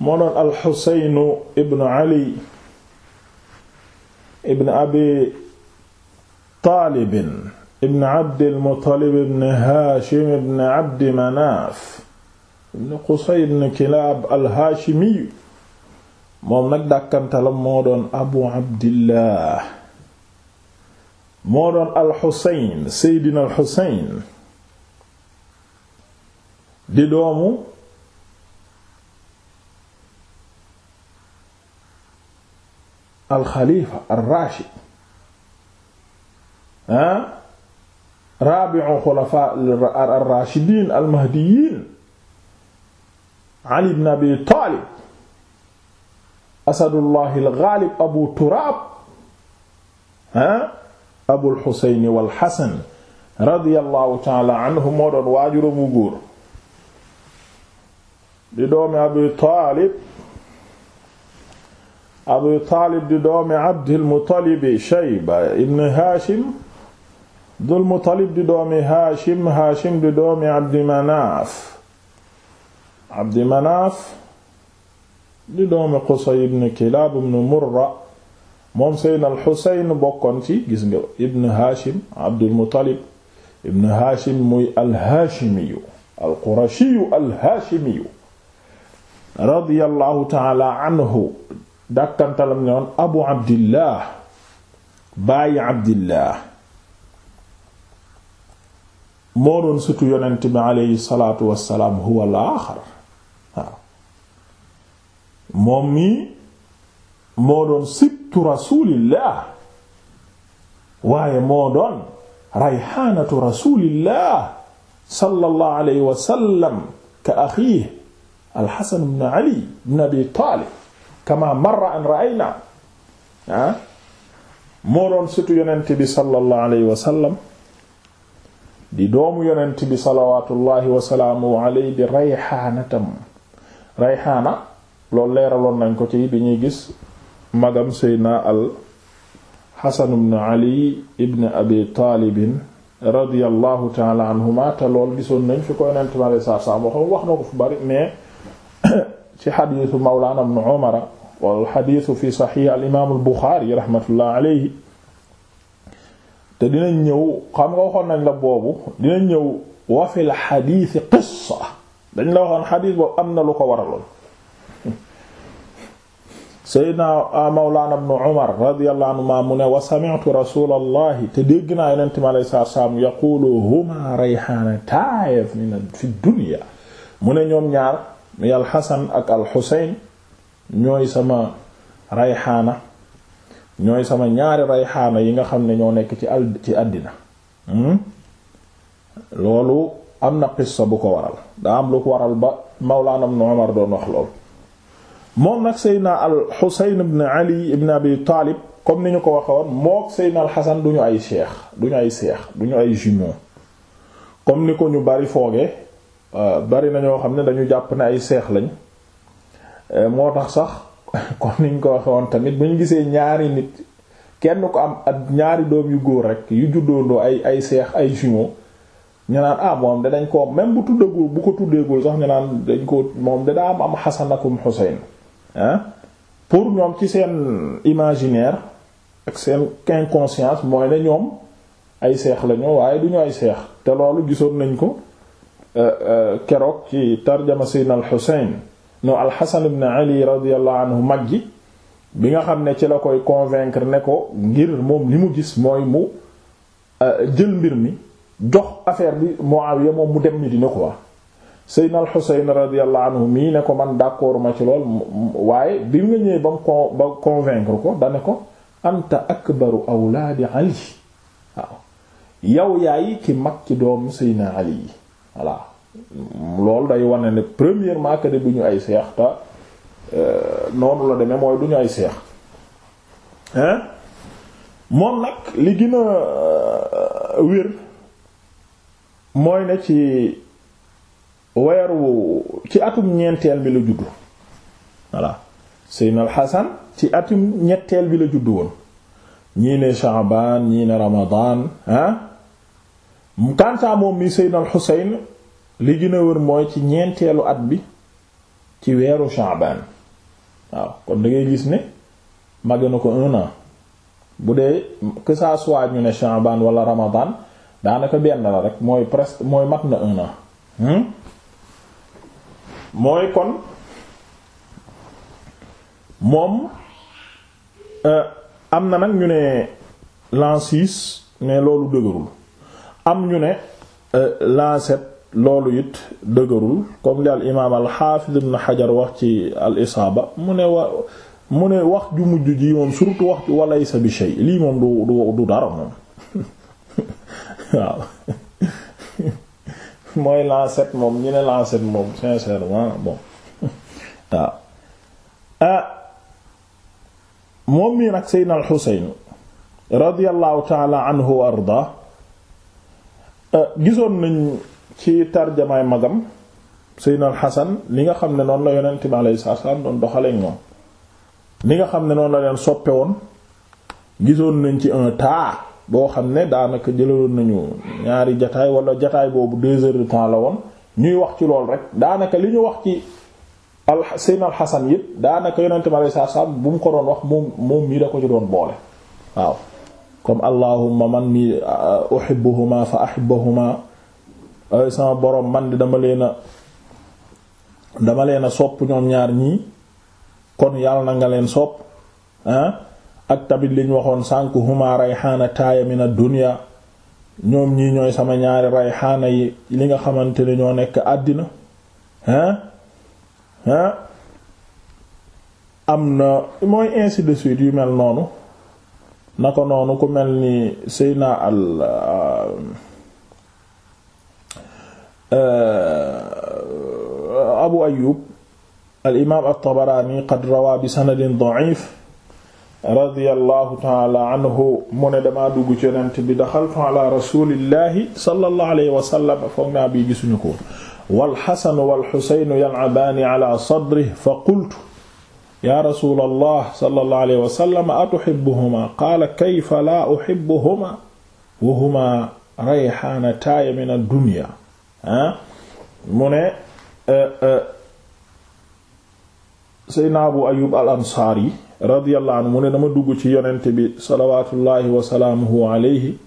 moo doon alxuseynu ibn ali ibn abi taalibin ibn abdilmutalib ibn haashim ibn abdi manaaf ibn qusay ibn kilaab alhaashimiyu moom nag dàkkantalam moo doon abu abdillah moo doon alxuseyn seydina alxuseyn di doomu alxalifa ar-rashid ah rabiu xulafa ar-rashidin al-mahdiyin ali ibn abi talib asadullah al-ghalib abu turab ah abul xusayn wal xasan radiyallahu taala anhu moo doon waajuramu góor di doomi abi talib Abu Taalib di doomi Abdil Muttalibi Shayba ibn Haashim Dul Muttalib di doomi Haashim Haashim di doomi Abdi Manaaf Abdi Manaaf di doomi Qusay ibn Kilaab ibn Murra moom Seydina al-Xuseyn bokkoon ci gis nga ibn Haashim Abdul Muttalib ibn Haashim muy al-Haashimiyu al-Qurashiyu al-Haashimiyu radiyallahu ta'ala anhu dàkkantalam ne woon abu abdillah bàyyi abdillah moo doon sutu yonent bi aleyhi salaatu wassalaam huwa al-aaxar waaw moom mi moo doon sibtu rasulillah waaye moo doon rayxaanatu rasulillah sallallahu alayhi wa sallam ka axiihi alxasan ibn ali ibn abi taalib kama marra an ra'ayna ah moo doon sëtu yonent bi sallallahu salaamu wa sallam di doomu yonent bi salawatullahi wasalaamu alayhi di leeraloon nañ ko ci bi ñuy gis magam na al xasan ibn ali ibn abi taalibin radiyallahu taala anhuma te lool gisoon nañ fi ko yonent bi salaam wax na fu bari mais ci xadiisu mawlaana ibn umar wal xadiisu fi saxiix al imaam al buxaari raxmatullahi alayhi te dinañ ñëw xam nga waxoon nañ la boobu dinañ ñëw wa fil xadiisi qissa dañ la waxoon xadiis boobu am na lu ko waraloon seydna mawlaana ibn umar radiyallahu anhuma mu ne wa sami'tu rasulallahi te dégg naa yonent mi alayhi salaatu salaam yaqulu huma rayhaanataaya fi dunya mu ne ñoom ñaar mi alxasan ak alxuseyn ñooy sama xaana ñooy sama ñaari xaana yi nga xam ne ñoo nekk ci al ci àddina hmm? loolu am na qissa bu ko waral daa am lu ko waral ba mawlaana ibn Umar doon wax lool moom nag seydna al xuseyn ibn ali ibn abi taalib comme ni ñu ko waxe moo mook seydna al xasan du ñu ay seex du ñu ay seex du ñu ay jumeaux comme ni ko ñu bari fooge Euh, bari na ñoo xam ne dañu jàpp ne ay seex lañ euh, moo tax sax kon niñ ko waxe woon tamit bu ñu gisee ñaari nit kenn ko am ak ñaari doom yu góor rek yu juddoondoo ay ay seex ay jumeaux ñu naan ah moom de dañ ko même bu tuddagul bu ko tuddeegul sax ñu naan dañ ko moom de daa am am Hasan akum pour ñoom ci seen imaginaire ak seen inconscience mooy ne ñoom ay seex lañu waaye du ñu ay seex te loolu gisoon nañ ko Euh, euh, keroog ci tarjama saydna al xusain alxasan ibn ali radiallahu anhu mag ji bi nga xam ne ci la koy convaincre ne ko ngir moom li mu gis mooy mu euh, jël mbir mi jox affaire bi Muawiya moom mu dem ni dina ko wax Seydina al Xuseyn radiyallahu anhu mii ko man d'accord ma ci lool waaye bi nga ñëwee ba mu con ko dane ko anta akbaru awlaadi Ali yow yaay ki mag ci doomu Seydina Ali yi voilà loolu day wane ne premièrement que ne ñu ay seex te euh, noonu la demee mooy du ñu ay seex hein moom nag li gën a euh, wér mooy ne ci weeru ci atum ñeenteel bi la juddu voilà Seydina Al ci atum ñetteel bi la juddu woon ñii ne Sha'ban ñii ne Ramadan ah kantaa moom mi seydna al xuseyn li gën wër mooy ci ñeenteelu at bi ci weeru shaabaan waaw kon da ngay gis ni màgg ko un bu dee que ça ñu ne shaabaan wala ramadan daanaka benn la rek mooy presque mooy mat na un hmm? mooy kon moom euh, am na nag ñu ne l'an six loolu dëgërul am ñu ne euh, lancet loolu it dëgërul comme li al imaam al xaafiz ibn xajar wax ci al isaaba mu ne wax ju mujj ji moom surtout wax ci walaysa bi shay lii moom du du dara moom mooy lancet moom ñu ne lancet moom sincèrement bon waaw euh, moom mii nag seydna al xuseyn radiallahu taala anhu wa ardaa Euh, gisoon nañ ci tarjamaay magam Seydina Xasan li nga xam ne noonu la yonent bi alayhi salaam doon doxalee ñoom li nga xam ne noonu la leen soppe woon gisoon nañ ci un tas boo xam ne daanaka jëlaloon nañu ñaari jataay wala jataay boobu deux heures de temps la woon ñuy wax ci loolu rek daanaka li ñu wax ci al Seydina Xasan yëpp daanaka yonent bi alayhi salaam bu mu ko doon wax moom moom mii da ko ci doon boole waaw. comme allahumma man mii uh, uhibbuhuma fa ahibbahuma ay man di dama leen a dama leen a sopp ñaar ñii kon yàlla na nga leen sopp ah? ak tamit liñ waxoon sànk huma rayhaana taaya min ad-dunya ñoom ñii ñooy sama ñaari rayhaana yi li nga xamante ne ñoo nekk àddina ah? Ah? am na mooy ainsi de suite yu mel noonu na ko noonu ku mel ni Seyna al Abu Ayyub al imaam at-Tabarani qad rawaa bi sanadin da'if radiyallahu ta'ala anhu mu ne damaa dugg ci yonent bi daxaltu ala rasulillahi sallallahu alayhi wa sallam foog naa bii gisuñu ko wal Hasan wal Husayn yal'abaani ala sadrihi fa qultu yaa rasulallah sallallahu alayhi wa sallam atuhibbuhuma qaala kayfa laa uhibbuhuma wa huma rayhaanataaya min ad-dunya ah mu ne eh, eh, Seydina Abu Ayyub al-Ansaari radiyallahu anhu mu ne dama dugg ci yonent bi salawaatullaahi wa salaamuhu alayhi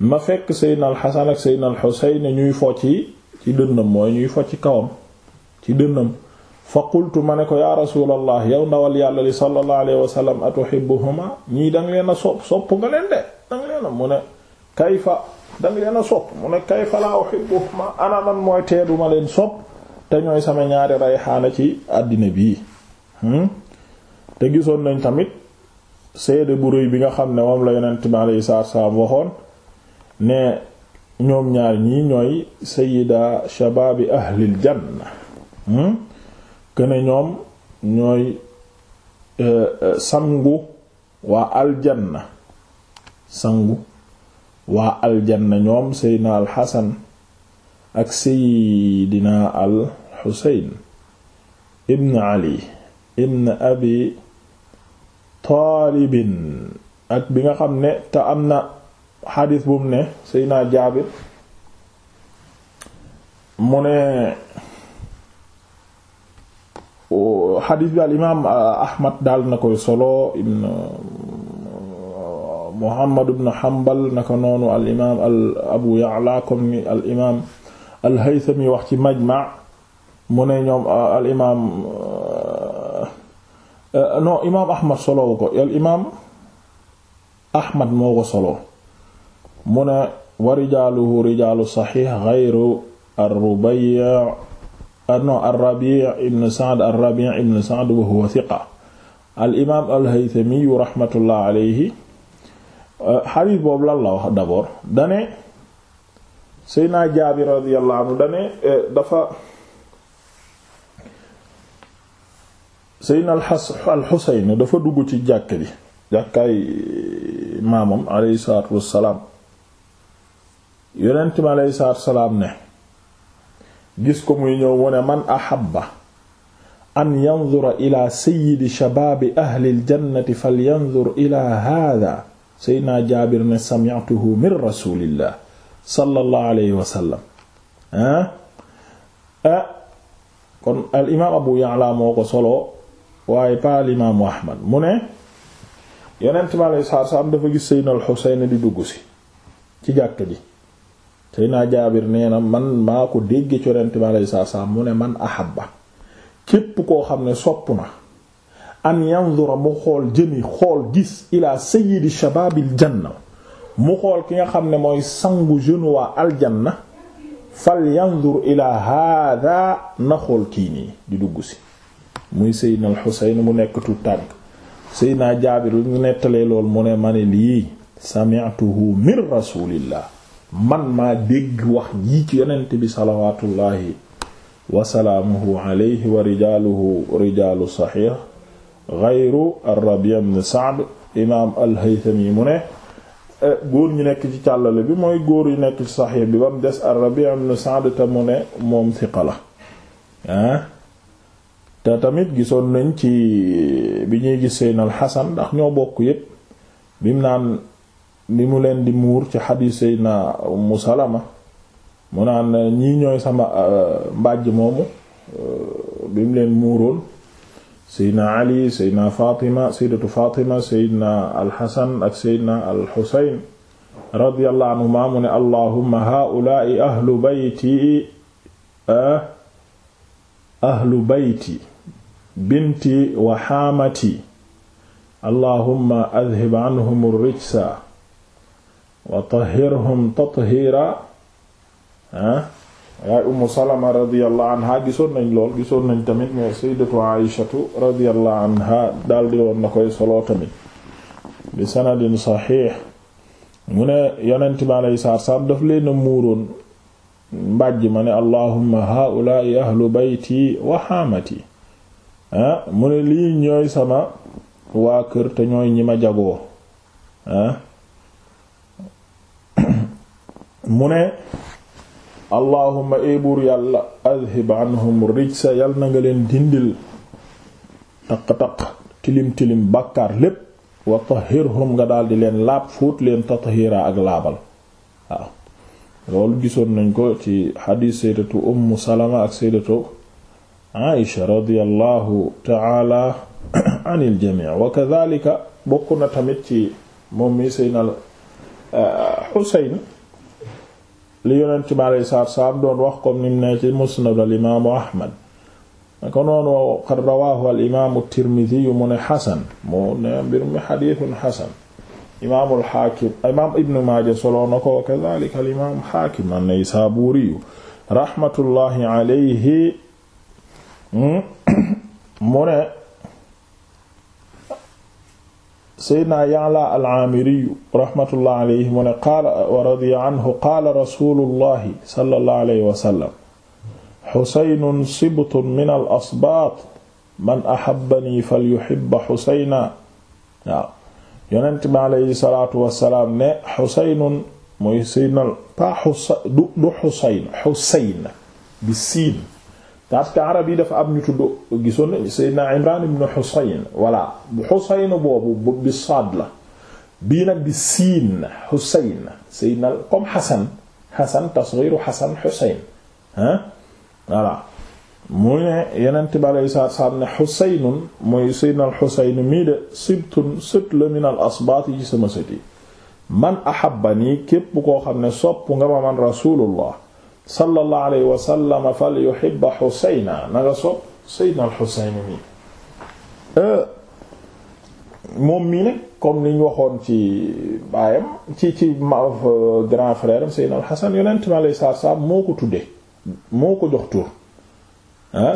ma fekk Seydina al-Hasan ak Seydina al-Husayn ñuy fo ci ci dënnam mooy ñuy fo ci kawam ci dënnam fa qultu ma ne ko yaa rasulallah yow ndawal yàlla li sallallahu alayhi wa sallam atuhibbuhuma ñii danga leen a sopp sopp nga leen de danga leen a mu ne kayfa danga leen a sopp mu ne kayfa laa uhibbuhuma ana lan mooy teeduma leen sopp te ñooy sama ñaari rayxaana ci àddina bi hmm? te gisoon nañ tamit seede bu rëy bi nga xam ne moom la yonent bi alayhi salaatu waxoon ne ñoom ñaar ñii ñooy sayida shabaabi ahlil janna hmm? këne ñoom ñooy euh, euh, sangu waa aljanna sangu waa aljanna ñoom seydina al xasan ak seydina al xuseyn ibn ali ibn abi taalibin ak bi nga xam ne te am na xadiis bu mu ne seydina jaabir mu ne xadiis bi al imaam Ahmad daal na koy solo ibn Muhammad ibn Hanbal naka noonu al imaam al Abu Ya'la comme ni al imaam al Haythami wax ci Majma' mu ne ñoom al imaam non imaam Ahmad solowu ko al imaam Ahmad moo ko solo mu ne wa rijaaluhu rijaalu saxiix ghayru ar-Rubay' non ar-Rabi' ibn Sa'd ar-Rabi' ibn Sa'd wa huwa thiqa al-imaam al-Haythami rahmatullah alayhi xadiis euh, boobu lan la wax d'abord dane Seydina Jaabir radiyallahu anhu dane euh, dafa Seydina al-Husayn dafa dugg ci jàkk bi jàkkaay maamam alayhi salaatu wassalaam yonent mi alayhi salaatu wassalaam ne gis ko muy ñëw mu ne man ahabba an yanzura ila sayyidi shabaabi ahli aljannati falyanzur ila haadaa seydna jaabir ne min rasulillah sallallahu alayhi wa sallam ah kon abu ya'la moo solo waaye pa al imaamu mu ne yonent mi alayhi salaatu dafa gis seydna al xuseyn di dugg si ci jàkk ji Seydina Jaabir nee na man maa ko dégg ci Yonent bi mu ne man ahabba képp koo xam ne sopp na an yanzura mu xool jëmi xool gis ila sayyidi shabaabil janna mu xool ki nga xam ne mooy sangu jeune waa aljanna fal yanzur ila hada na xool kii nii di dugg si muy Seydina al-Husayn mu nekk tu tànk Seydina Jaabir lu ñu nettalee lool mu ne ma ne lii sami'tuhu min rasulillah man maa dégg wax jii ci yenent bi salawaatullaahi wasalaamuhu alayhi wa rijaaluhu rijaalu saxiix gayru ar-Rabi' ibn Sa'd imaam al-Haythami mu ne eh, góor ñu nekk ci càllale bi mooy góor yu nekk ci saxiix bi ba mu des ar-Rabi' ibn Sa'd te mu ne moom siqa la ah. te tamit gisoon nañ ci bi ñuy gis Seynal Xasan ndax ñoo bokk yépp bim naan li mu leen di muur ci xadiis Seydina Umm Salama mu naan ñii ñooy sama euh, mbàjj moomu euh, bi mu leen muuroon Seydina Ali Seydina Fatima Sayyidatu Fatima Seydina Al-Hasan ak Seydina Al-Husayn radiyallahu anhuma mu ne allahumma haa'ulaa'i eh, ahlu bayti binti wa haamati allahumma adhib anhum ar-rijsa wa tahhirhum tathira ah umu salama radiallahu anha gisoon nañ lool gisoon nañ tamit mais sayyidatu aishatu radiallahu anha daldi woon koy solo tamit bi sanadin saxiix mu ne yonent bi alayhi salaatu salaam daf leen a muuroon mbàjj ma ne allahumma haa'ulaa'i ahlu bayti wa haamati ah lii ñooy sama waa kër te ñi ma jagoo ah, mu ne allahumma eebuur yàlla adhib anhum rijsa yàlla na nga leen dindil taq-taq tilim tilim bàkkaar lépp wa tahhirhum nga daldi leen laab fóot leen tathiira ak laabal waaw gisoon nañ ko ci xadiis saydatu ummu salama ak saydatu aisha radiyallahu taala anil jamii wa kadhalika tamit ci moom mi saynal Xuseyn euh, li yonent bi alayhi salaatu salaam doon wax comme ni mu ne ci musnad al imaamu Ahmad naka noonu qad rawaahu al imaamu Tirmidi mu ne xasan mu ne mbir mi xadiisun xasan imaamul xaakim imaam Ibn Maaja solo na ko wa kazaalika al imaamu xaakim an-Naysaabuuri raxmatullaahi alayhi hmm, mu ne seydna ya'la al-aamiri rahmatullah alayhi mu ne qaala wa radiya anhu qaala rasulullahi sallallahu alayhi wa sallam xusaynun sibtun min al-asbaat man ahabbanii falyuhibba xusayna waaw yonent bi alayhi salaatu wasalaam ne xusaynun mooy seydna pas du xusayn xusayn bi siin parce que arab yi dafa am ñu tudd gisoon nañu Seydina Imran ibn Husayn voilà Husayn boobu bi saad la nag bi siin Husayn Seydina comme Hasan Hasan tasghiru Hasan Husayn ah voilà mu ne yenent bi la min al asbaat yi ci sama sët yi man ahabbani képp koo xam ne sopp nga ma man Rasulullah sallallahu alayhi wa sallam fal yuhibba Xusayna na nga sopp Seydina al-Xusayn mi e, moom mii nag comme niñ waxoon ci baayam ci ci euh, grand frère am Seydina al-Xasan yonent mi alayhi salaatu salaam moo ko tuddee moo ko jox tur ah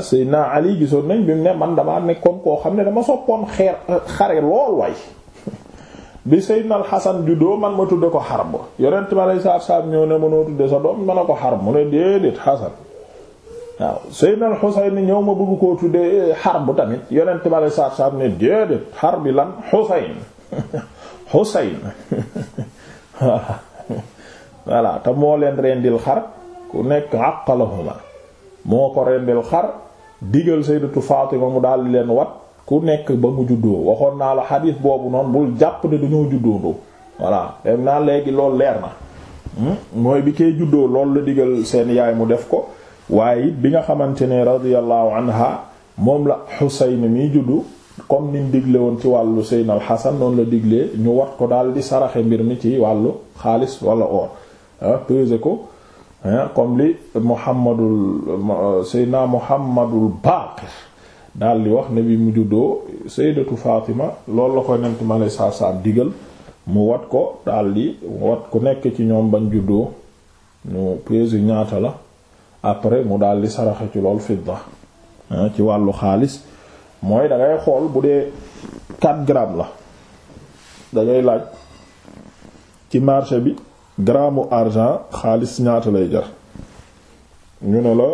Ali gisoon nañ bi mu ne man damaa nekkoon koo xam ne dama soppoon xeer xare lool waay bi Seydina Alxasan juddoo man ma tudde ko Harb yonent ma lay saab saab ñëw ne mënoo tudde sa doom ma ne ko Harb mu ne déedéet Xasan waaw Seydina Alxuseyn ñëw ma bëgg koo tudde Harb tamit yonent ma lay saab saab ne déedéet Harb bi lan Xuseyn Xuseyn voilà te moo leen rendil xar ku nekk àqalahuma moo ko rendil xar digal Sayyidatu Faatima mu daal di leen wat ku nekk ba mu juddoo waxoon naa la xadiis boobu noonu bul jàpp ne dañoo juddoondoo voilà dem naa léegi loolu leer na hmm? mooy bi koy juddoo lool la digal seen yaay mu def ko waaye it bi nga xamante ne radiyallahu anha moom la Xuseyn mi juddu comme ni digle woon ci wàllu Seydina Al noonu la digle ñu wat ko daal di saraxe mbir mi ci wàllu xaalis wala or ah, pesé ko ah, comme li Muhammadul Seydina Muhammadul Baqir daal di wax ne bi mu juddoo sayyidatu Fatima loolu la koy nent ma lay saar saar digal mu wat ko daal di wat ku nekk ci ñoom bañ juddoo ñu pèse ñaata la après mu daal di saraxe ci lool fidda ci wàllu xaalis mooy da xool bu dee 4 grammes la da laaj ci marché bi gramme argent xaalis ñaata lay jar ñu ne la.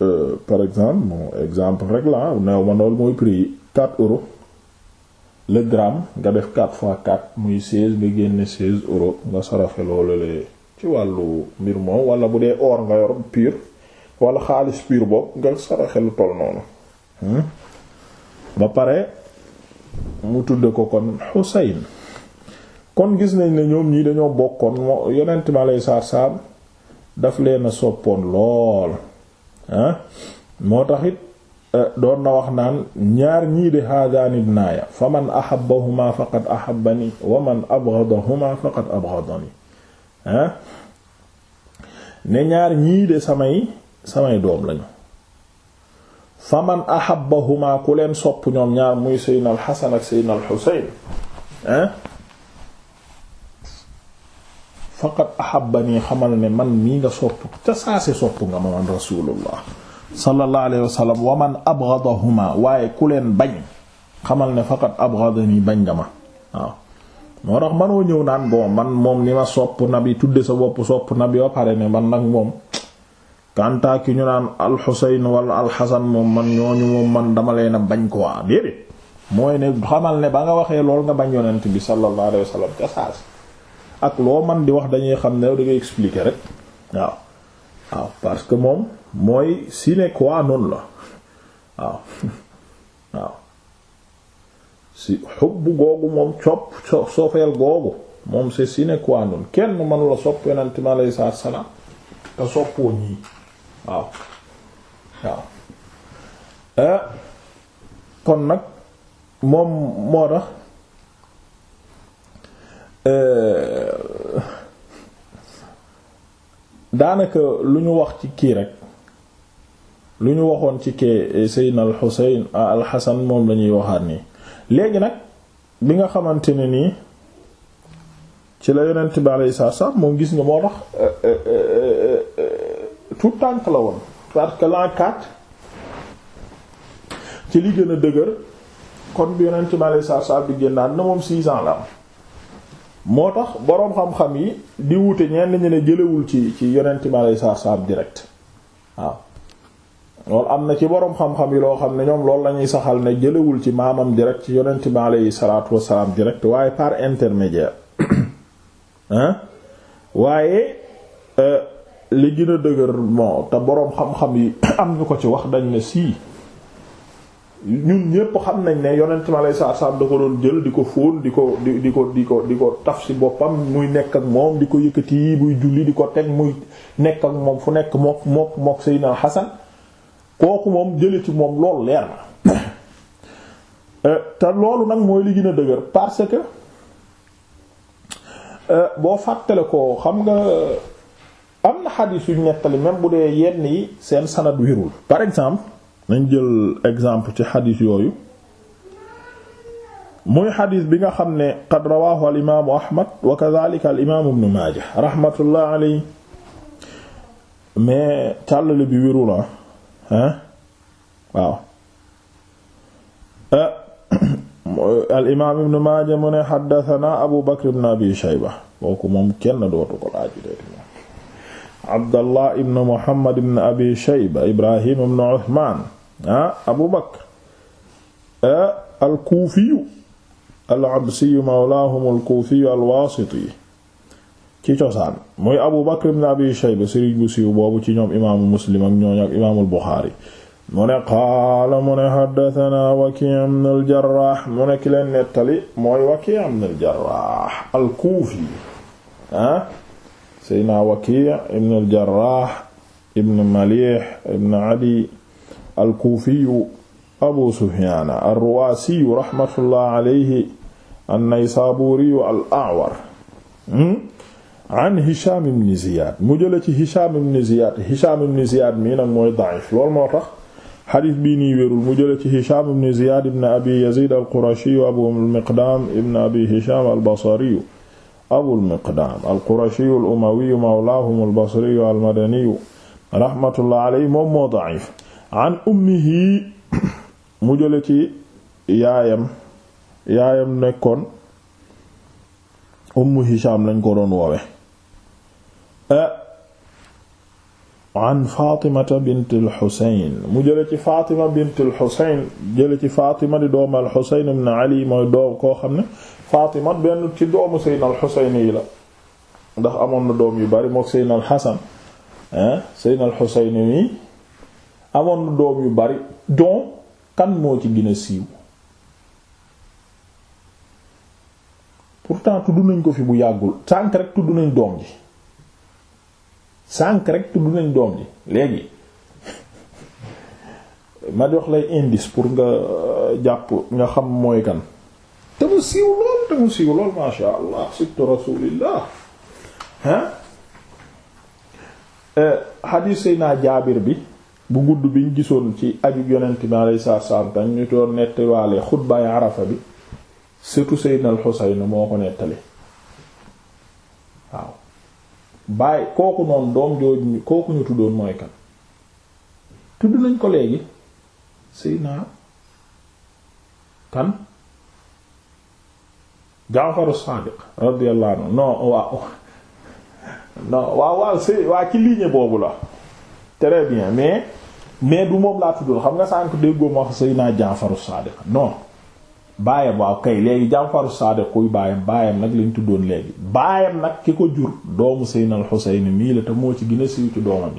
Euh, par exemple bon exemple rek la neew ma loolu mooy prix yi 4 euros gramme nga def 4 fois 4 muy 16 nga génne 16 euros nga sarafe loolu la ci wàllu mbir moom wala bu dee or nga piir pur wala xaalis pur boobu nga saraxe lu toll noonu hmm? ba pare mu tudde ko kon Xuseyn kon gis nañ ne ñoom ñii dañoo bokkoon moo yonent ma lay saar saab daf leen a soppoon lool Ah? moo tax it eh, doon na wax naan ñaar ñii de haadaani ibnaaya fa man ahabbahuma faqad ahabbani wa man abghadahuma faqad abghadani ah ne ñaar ñii de samay samay doom lañu fa man ahabbahuma ku leen sopp ñoom ñaar muy seydna al ak seydna al faqad ahabbani xamal ne man mii nga sopp te saase sopp nga ma man rasulullah sallallahu alayhi wa wa man abghadahuma waaye ku leen bañ xamal ne faqad abghadani bañ nga ma waaw moo tax manoo ñëw naan bon man moom ni ma sopp nabi tudde sa bopp sopp nabi ba pare ne man nag moom kàntaa ki ñu naan alxuseyn wala alxasan moom man ñooñu moom man dama leen a bañ ko waa déedéet mooy ne xamal ne ba nga waxee lool nga bañ yonent bi sallallahu alayhi ak loo man di wax dañuy xam ne da ngay rek waaw waaw parce que moom mooy sine qua non la waaw waaw si xubb googu moom copp sofeel googu moom c'est sine qua non kenn mënu la sopp yonent mi alayhi salaatu salaam te soppoo ñii waaw waaw eh, kon nag moom moo tax Euh, daanaka lu ñu wax ci kii rek lu ñu waxoon ci kii eh, Seydina al Xuseyn ah, al Xasan moom lañuy waxaat nii léegi nag bi nga xamante ne nii ci la yonent bi alayhi salaatu moom gis nga moo tax eh, eh, tout tànk la woon parce que l'an ci li gën a dëgër kon bi yonent bi alayhi salaatu salaam bi génnaat na moom 6 ans la am moo tax boroom xam-xam yi di wute ñenn ñu ne jëlewul ci ci yonent mi alayhi salaatu salaam direct waaw loolu am na ci boroom xam-xam yi loo xam ne ñoom loolu lañuy saxal ne jëlewul ci maamam direct ci yonent mi alayhi salaatu wassalaam direct waaye par intermédiaire hein waaye euh, li gën a dëgër bon te boroom xam-xam yi am ñu ko ci wax dañ ne sii ñun ñépp xam nañ ne yonent ma lay saa saam da ko doon jël di ko fóon di ko di ko di ko di ko taf si boppam muy nekk ak moom di ko yëkkati buy julli di ko teg muy nekk ak moom fu nekk mook mook mook Seydina Hasan kooku moom jële ci moom loolu leer na euh, te loolu nag mooy li gën dëgër parce que euh, boo fàttale ko xam nga am na xadiis yu nettali même bu dee yenn yi seen sanad wérul par exemple nañ jël exemple ci xadiis yooyu muy xadiis bi nga xam ne qad rawaahu al imaamu ahmad wa kadhalika al imaamu bi wéru la ah, ah waaw ah, al imaam ibnu abu bakr ibn abi shayba kooku moom kenn dootu ko laaju dee abdallah ibnu muhammad ibn abi shayba ibrahim ibnu uthman ah abu bakr al kuufiyu al absiyu mawlaahum al kuufiyu al waasiti ci cosaan muy abu bakr ibn abi shayba sëriñ bu siiw boobu ci ñoom imaamu muslim ak ñooñ ak imaamul buxaari mu ne qaala mu ne xaddatanaa wakii ibn al jarraax mu ne ki leen nettali mooy wakii ibn al jarraax al kuufi ah seydna wakii ibn al jarraax ibn maliix ibn adi alkuufiyu abu sufiana alruwaasiyu raxmatullah alayhi annaysaabuuriyu al awar hmm? an hisham ibn ziyad mu jële ci hisham ibn ziyad hisham ibn ziyad mii nag mooy daif loolu moo tax xadis bii nii wérul mu jële ci hisham ibn ziyad ibn abi yazid alqurashiyu abu almiqdaam ibn abi hisham albasariyu abu almiqdaam alqurashiyu alumawiyu mawlaahum albasriyu almadaniyu raxmatullah alayhi moom moo daif an ummihi mu jële ci yaayam yaayam nekkoon ummu hisham lañ ko doon woowe eh, an fatimata bint al xusayn mu jële ci fatima bint al xusayn jële ci fatima di doomu al xusayn ali mooy doom koo xam ne fatima benn ci doomu seydna al yi la ndax amoon na doom yu bari moo seydna al xasan eh, seydna al amoon na doom yu bari donc kan moo ci gën a siiw pourtant tudd nañ ko fi bu yàggul sànq rek tudd nañ doom ji sànq rek tudd nañ doom ji léegi ma jox lay indice pour nga euh, jàpp nga xam mooy kan te mu siiw lool te mu siiw lool ma allah sibtu rasulillah hein euh, hadith sayna jaabir bi bu gudd biñ gisoon ci aju yonent bi alayhi salaam tam ñu doon nettiwaale xutbaay arafa bi surtout Seydina al-Husayn moo ko nettali waaw bàyyi kooku noonu doom jooju kooku ñu tuddoon mooy kan tudd nañ ko léegi Seydina kan Jaafar as-Sadiq radiyallahu anhu waaw non waaw waaw waa ci ligne boobu la très bien mais mais du moom laa tuddul xam nga sànq déggoo ma wax Seydina Jaafaru Saadiq non baayam waaw kay léegi Jaafaru Saadiq kuy baayam nag lañ tuddoon léegi baayam nag ko jur doomu Seydina al Xuseyn mii ci gën a siiw ci doomam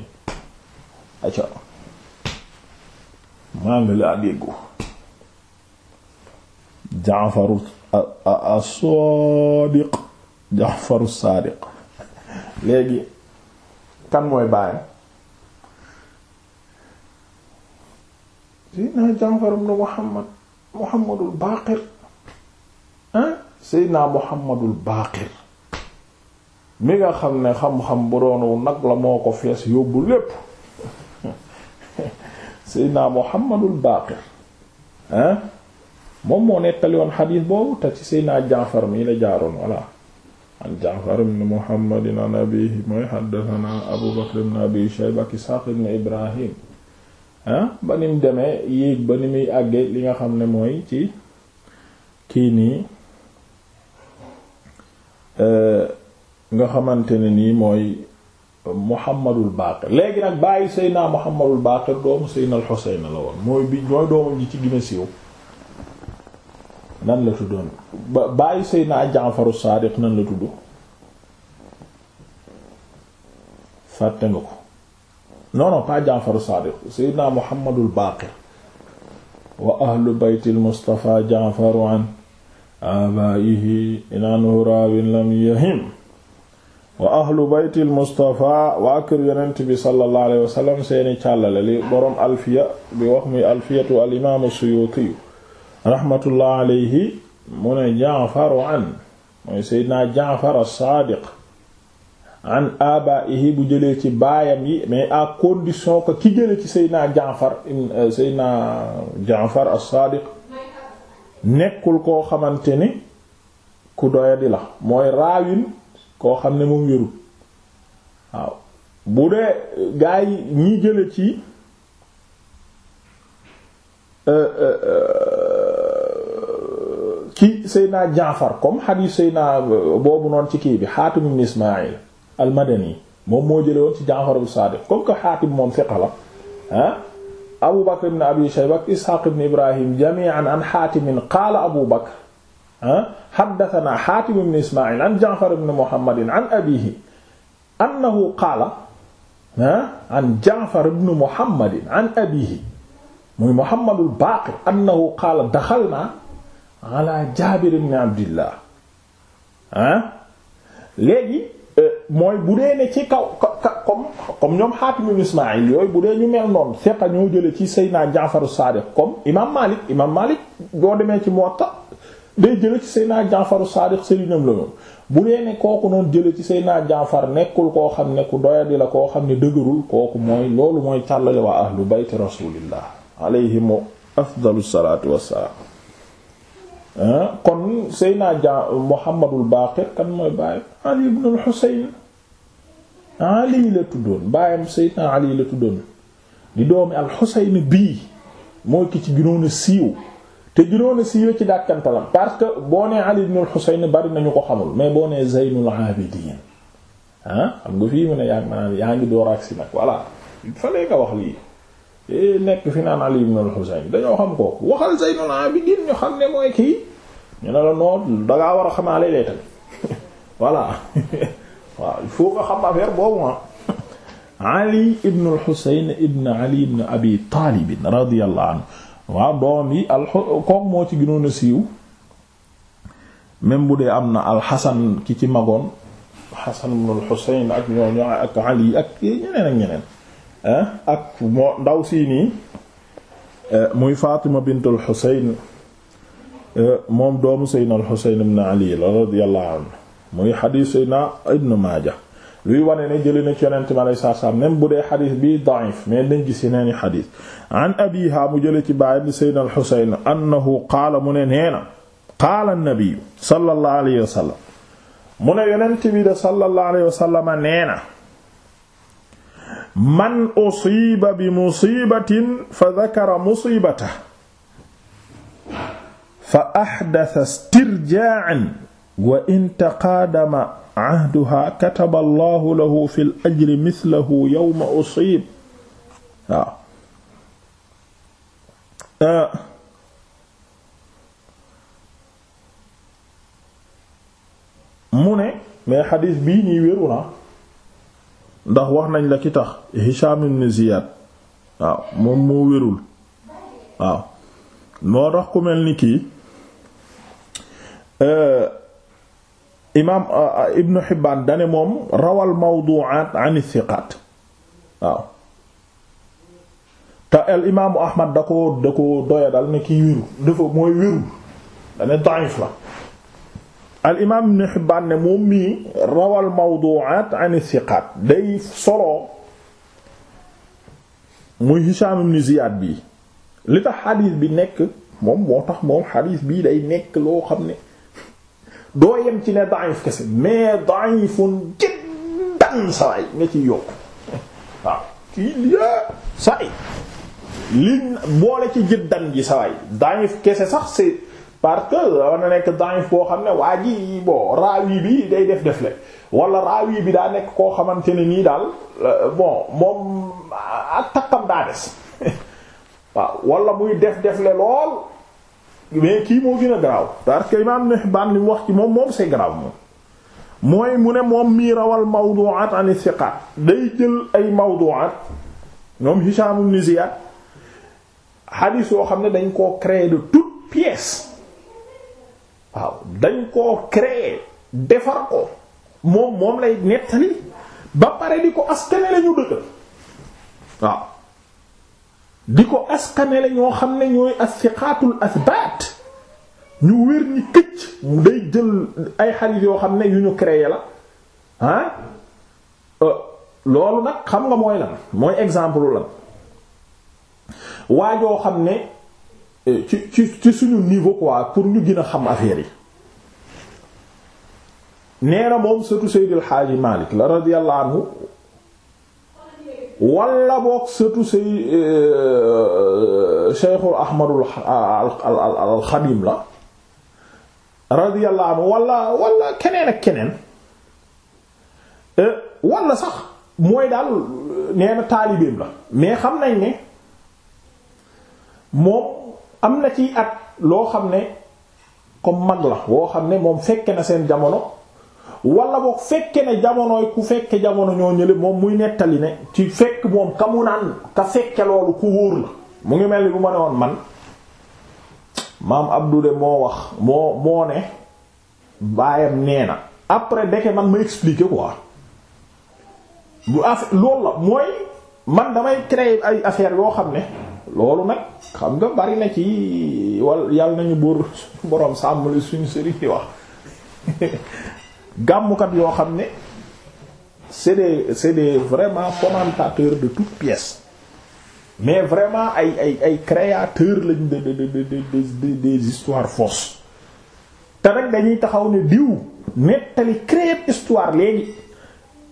yi Saadiq léegi kan mooy baayam seydna Jaafar ibn Muhammad Muhammadul Baaqir ah seydna Muhammadul Baaqir mi nga xam ne xam-xam bu doonu nag la moo ko fees yóbbu lépp seydna Muhammadul Baaqir ah moom moo nettali woon xadiis boobu te ci seydna Jaafar mii la jaaroon voilà an Jaafar ibn Muhammadin an abiihi mooy haddasanaa Abu Bakr ibn Abi Shayba Isaaq Ibrahim ba ni demee yéeg ba ni muy àggee li nga xam ne mooy ci kii nii euh, nga xamante ne nii mooy Muhammadul Baqir léegi nag bàyyi Seydina Muhammadul Baqir doomu Seydina al Xuseyn la woon mooy bi mooy doomam ji ci gina siiw nan la tuddoon ba bàyyi Seydina Jaafaru Saadiq nan la tudd fàtte nga ko non non pas Jaafaru Saadiq Seydina Muhammadul Baaqir wa ahlu baytil Mustafa Jaafaru an abaa'ihi inaanu raawin lam yahim wa ahlu baytil Mustafa waa kër yonent bi sallallahu alayhi wa sallam seeni càllale li boroom alfiya bi wax muy alfiyatu al imaamu Suyuuti rahmatullah alayhi mu ne Jaafaru an mooy Seydina Jaafar as-Saadiq an abaihi bu jëlee ci baayam yi mais à condition ko ki jële ci seydna jaafar euh, seydna jaafar as-sadiq nekkul koo xamante ni ku doyadi la mooy raawin koo xam ne moom wérul waaw bu dee gaa yi ñi jële ci euh, euh, ki seydna jaafar comme xadiis seydna boobu noonu ci kii bi Xaatim ibn Ismaayil al-Madani moom moo jële woon ci Ja'far as-Sadiq comme que Haatib moom fiqa la ah Abu Bakr ibn Abi Shayba Ishaq ibn Ibrahim jami'an an Haatib qaala Abu Bakr ah haddathanaa Haatib ibn Isma'il an Ja'far ibn Muhammad an abiihi annahu qaala ah an Ja'far ibn Muhammad an abiihi muy Muhammad al-Baaqir annahu qaala daxalnaa ala Jaabir ibn Abdillah ah léegi Euh, mooy bu dee ne ci kaw ka comme comme ñoom Hatim ibn Ismaïl yooyu bu dee ñu mel noonu feqa ñoo jële ci Seydina Jaafar as-Sadiq comme imam Malik imam Malik doo demee ci Muwatta day jële ci Seydina Jaafar as-Sadiq sëriñam la moom bu dee ne kooku noonu jële ci naa Jaafar nekkul koo xam ne ku doyadi la koo xam ne dëgërul kooku mooy loolu mooy càllale waa ahlu bayti rasulillah alayhimu afdalu salatu wassalam kon Seyna ja Muhammadul Baqir kan mooy baayam Ali ibn al-Husayn Ali la tuddoon baayam Seyna Ali la tuddoon di doomi al-Husayn bii mooy ki ci gënoon siiw te gënoon a siiw ci dàkkantalam parce que boo nee Ali ibn al bari nañu ko xamul mais boo nee Zaynul Abidin ah xam nga fii mu ne yaa ngi maanaam yaa ngi door nag voilà il fallait nga wax lii. Eh, nekk fi naan Ali ibn al dañoo xam ko waxal Zaynul Abidin ñu xam ne mooy kii ñu ne la noonu dangaa war a xamaale lee tamit voilà waaw il faut nga xam boobu ma ah. Ali ibn al-Husayn Ali ibn Abi Talib radiyallahu anhu waaw doom yi al kook bu dee am na al ki magoon Hasan ak ñooñu ak Ali ak ñeneen ak ñeneen Eh? ak moo ndaw sii nii eh, muy Fatima bintul Xuseyn eh, moom doomu Seydina al Xuseyn ibn Ali la radiyallahu anhu muy xadiis Seydina Ibn Maaja luy wane ne jëli na ci yonente mi alayhi salaatu bu dee xadis bi da'if mais nañ gis yeneeni xadis an abiha mu jële ci baayam di Seydina al Xuseyn annahu mu ne nee na qaala an-nabi sallallahu alayhi wa sallam mu ne yonent bi de sallallahu alayhi man usiba bi musibatin fa dakara musibata fa axdata stirjaan wa in taqaadama ahduha kataba allahu lahu fi l ajri mislahu yowma usib waaw ah. mu ne mais xadis bii nii wéru na ah. ndax wax nañ la ki tax Hisham ibn Ziyad waaw moom moo wérul waaw moo tax ku mel ni kii euh, imaam euh, Ibn Hibbaan dane moom rawal mawdu'aat an thiqaat waaw te al imaamu Ahmad da ko da ne kii wéru dafa mooy wérul dane da'if la al imaam ibn Hibbaan ne moom mii rawal mawdu'aat an thiqaat day solo muy Hishaam ibn Ziyaad bii li tax xadiis bi nekk moom moo tax moom xadiis bii day nekk loo xam ne doo yem ci ne da'if kese mais da'ifun jiddan sawaay nga ci yokk waaw kii lii sawaay li boole ci jiddan ji sawaay da'if kese sax c'est parce que war na nekk daif boo xam ne waa ji bon raawi bi day def def le wala raawi bi daa nekk koo xamante ne nii daal euh, bon moom ak takkam daa des waaw wala muy def def le lool mais kii moo gën a parce que imam Ibn Hibbaan li mu wax ci moom moom c'est grave moom mooy mu ne moom mii rawal mawdu'at an thiqat day jël ay mawdu'at ñoom Hisham ibn Ziyad soo xam ne dañ koo créer de toutes pièces waaw dañ koo créer defar ko moom moom lay nettali ba pare di ko askane lañu dëkkal waaw di ko askane la ñoo xam ne ñooy asiqaatul asbaat ñu wér ñi këcc day jël ay xarit yoo xam ne yu ñu créer la ah euh, loolu nag xam nga mooy lan mooy exemple la waa waajoo xam ne Eh, ci ci suñu niveau quoi pour ñu gën a xam affaire yi nee na moom sëtu Seydil Xaaji Malik la radiyallahu anhu wala boog sëtu say eh, Cheikhul Ahmadul al la radiyallahu anhu wala keneen ak keneen eh, wala sax mooy daal nee na taalibeem la mais xam nañ ne moom am na ci at loo xam ne comme mag la woo xam ne moom fekke na seen jamono walla boog fekke ne jamonoy ku fekke jamono ñoo ñële moom muy nettali ne ci fekk moom ka mu naan ka fekke loolu ku wóor mu ngi mel ni bu ma ne woon man maam Abdou de moo wax moo moo ne baayam nee na après deke man ma expliquer quoi bu affaire loolu la mooy man damay créer ay affaire yoo xam ne loolu nag xam nga bari na ci wal yàlla nañu buur borom sàmm li suñu sëriñ yi wax gàmmukat yoo xam ne c'est des c'est des vraiment commentateurs de toutes pièces mais vraiment ay ay ay créateurs lañ de de de de des histoires fausses te nag dañuy taxaw ne diw nettali créer histoire léegi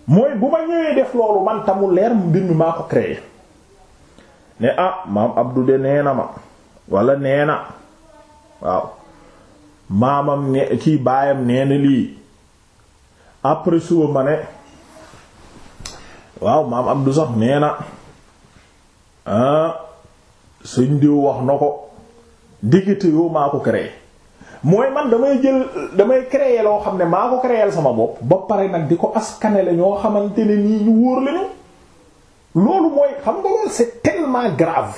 mooy bu ma ñëwee def loolu man tamu leer mu mbir mi maa ko créer ne ah maam Abdou de nee na ma wala nee na waaw maamam ne kii baayam nee na lii après suba ma ne waaw maam Abdou sax nee na ah suñ diw wax na ko diggante yow maa ko créé mooy man damay jël damay créer loo xam ne maa ko créer sama bopp ba pare nag di ko askanele ñoo xamante ne nii ñu wóor lañu loolu mooy xam nga loolu c'est tellement grave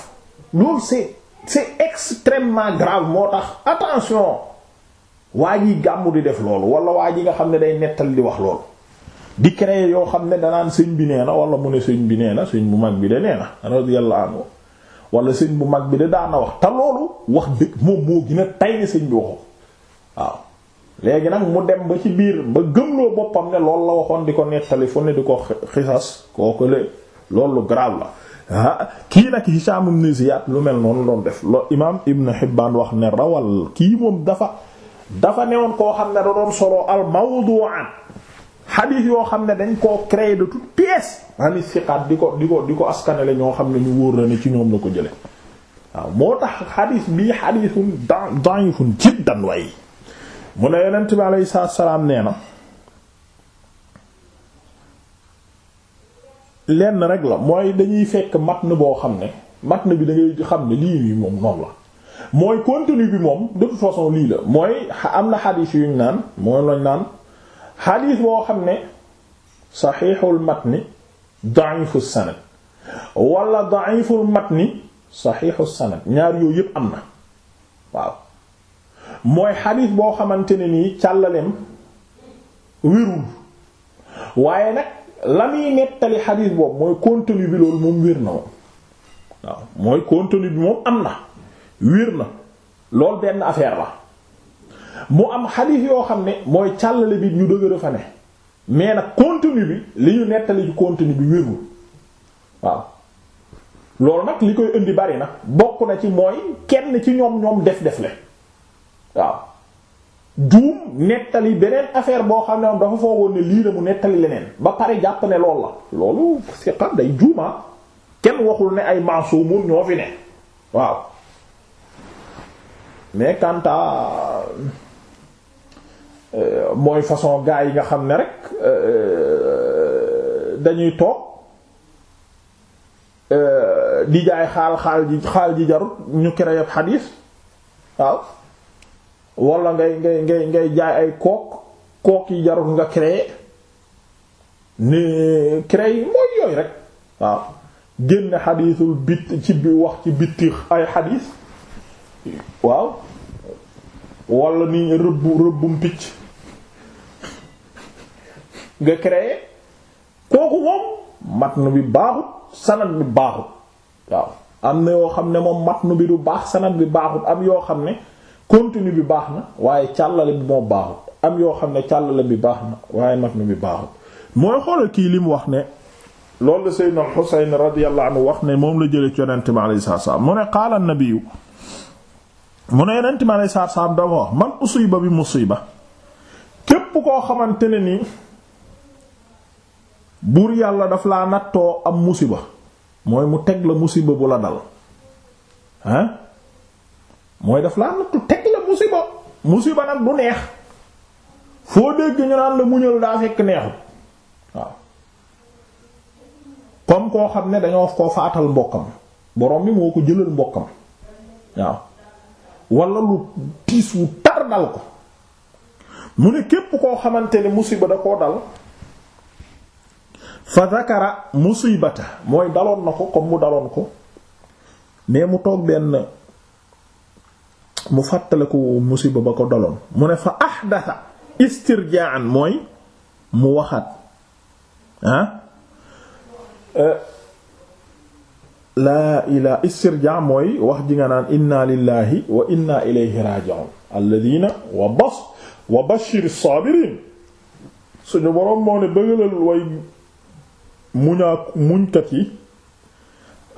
loolu c'est c'est extrêmement grave moo tax attention waa ji gàmmu di def loolu wala waa ji nga xam ne day nettal di wax loolu di créer yoo xam ne danaan sëñ bi nee na wala mu ne sëñ bi nee na sëñ bu mag bi de nee na radiyallahu anhu wala sëñ bu mag bi de daana wax te loolu wax dëgg moom moo gën a tay ne sëñ bi waxu waaw léegi nag mu dem ba ci biir ba loo boppam ne loolu la waxoon di ko nettali fu ne di ko xisas kooku lépp loolu garaaw la ah kii nag Hisham ibn Ziyad lu mel noonu doon def loolu imaam Ibn Hibban wax ne rawal kii moom dafa dafa newoon koo xam ne da doon solo al mawdu'an xadiis yoo xam ne dañ koo créé de toutes pièces ani di ko di ko di ko askanale ñoo xam ne ñu wóor la ne ci ñoom la ko jële waaw moo tax xadiis bii xadiisun da'ifun jiddan way mu ne yonent bi alayhi salaam nee na lenn rek la mooy dañuy fekk matn boo xam ne matn bi da xam ne lii wi moom noonu la mooy contenu bi moom de toute façon lii la mooy am na xadiis yuñ naan mooy lañ naan xadiis boo xam ne saxiixul matni da'ifus sanad wala da'iful matni saxiixus sanad ñaar yooyu yépp am na waaw mooy xadiis boo xamante ne nii càllaleem wérul waaye nag la muy nettali xadiis boobu mooy contenu bi loolu moom wér na moom waaw mooy contenu bi moom am na wér na lool benn affaire la mu am xadiis yoo xam ne mooy càllale bi ñu dëgër fa ne mais nag contenu bi li ñu nettali ci contenu bi wérul waaw loolu nag li koy indi bari na bokk na ci mooy kenn ci ñoom ñoom def def le waaw juum nettali beneen affaire boo xam ne moom dafa foogoon ne lii la mu nettali leneen ba pare jàpp ne lool la loolu si xam day juuma kenn waxul ne ay maasumun ñoo fi ne waaw mais quant euh, mooy façon gaa yi nga xam ne rek euh, dañuy toog euh, di jaay xaal xaal ji xaal ji jarut ñu créé ab xadiis waaw wala ngay ngay ngay ngay jaay ay kook kook yi jarul nga créer ne créer mooy yooyu rek waaw génn xadiisul bit ci bi wax ci bitti ay xadiis waaw wala ni rëbbu rëbbum picc nga créer kooku moom matn bi baaxut sanad bi baaxut waaw am na yoo xam ne moom matn bi du baax sanad bi baaxut am yoo xam ne contenu bi baax na waaye càllale bi moo baaxul am yoo xam ne càllale bi baax na waaye matnu bi baaxul mooy xoolal kii li mu wax ne loolu la Seydina Xuseyn radiyallahu anhu wax ne moom la jëlee ci yonent mi alayhi salaatu salaam mu ne qaala an-nabiyyu mu ne yonent ma alayhi salaatu salaam dafa wax man usiba bi musiba képp koo xamante ne ni buur yàlla daf laa nattoo am musiba mooy mu teg la musiba bu la dal mooy def laa nattu teg la musiba musiba nag du neex foo dégg ñu naan la muñal daa fekk neexut waaw comme koo xam ne dañoo koo faatal mbokkam borom bi moo ko jëlal mbokkam waaw wala lu tiis wu tar dal ko mu ne képp koo xamante ne musiba da koo dal fa zakara musibata mooy daloon na ko comme mu daloon ko mais mu toog benn mu fàttaliku musiba ba ko doloon mu ne fa ahdasa istirjaan mooy mu waxaat ah eh, laa ilaa istirjaa mooy wax ji nga naan inna lillahi wa inna ilayhi raji'un alladina wa bas wa bashir saabiriin suñu boroom moo ne bëggalal way muñaa muñkat yi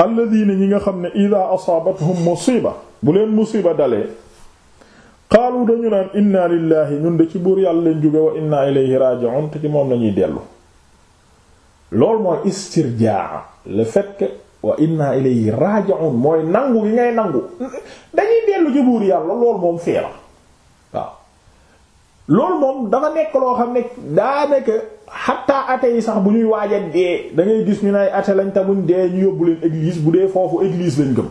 alladina ñi nga xam ne ida asaabathum musiba bu leen musiba dalee xaalu dañu naan inna lillahi ñun de ci buur yàlla leen jóge wa inna ilayhi raji'un te ci moom lañuy dellu loolu mooy istirjaa le fait wa inna ilayhi raji'un mooy nangu gi ngay nangu dañuy dellu ci buur yàlla loolu moom fee la waaw loolu moom dafa nekk loo xam ne daa nekk xatta athée yi sax bu ñuy waaja dee da gis ñu ne ay lañ te buñ dee ñu yóbbu leen église bu dee foofu église lañ gëm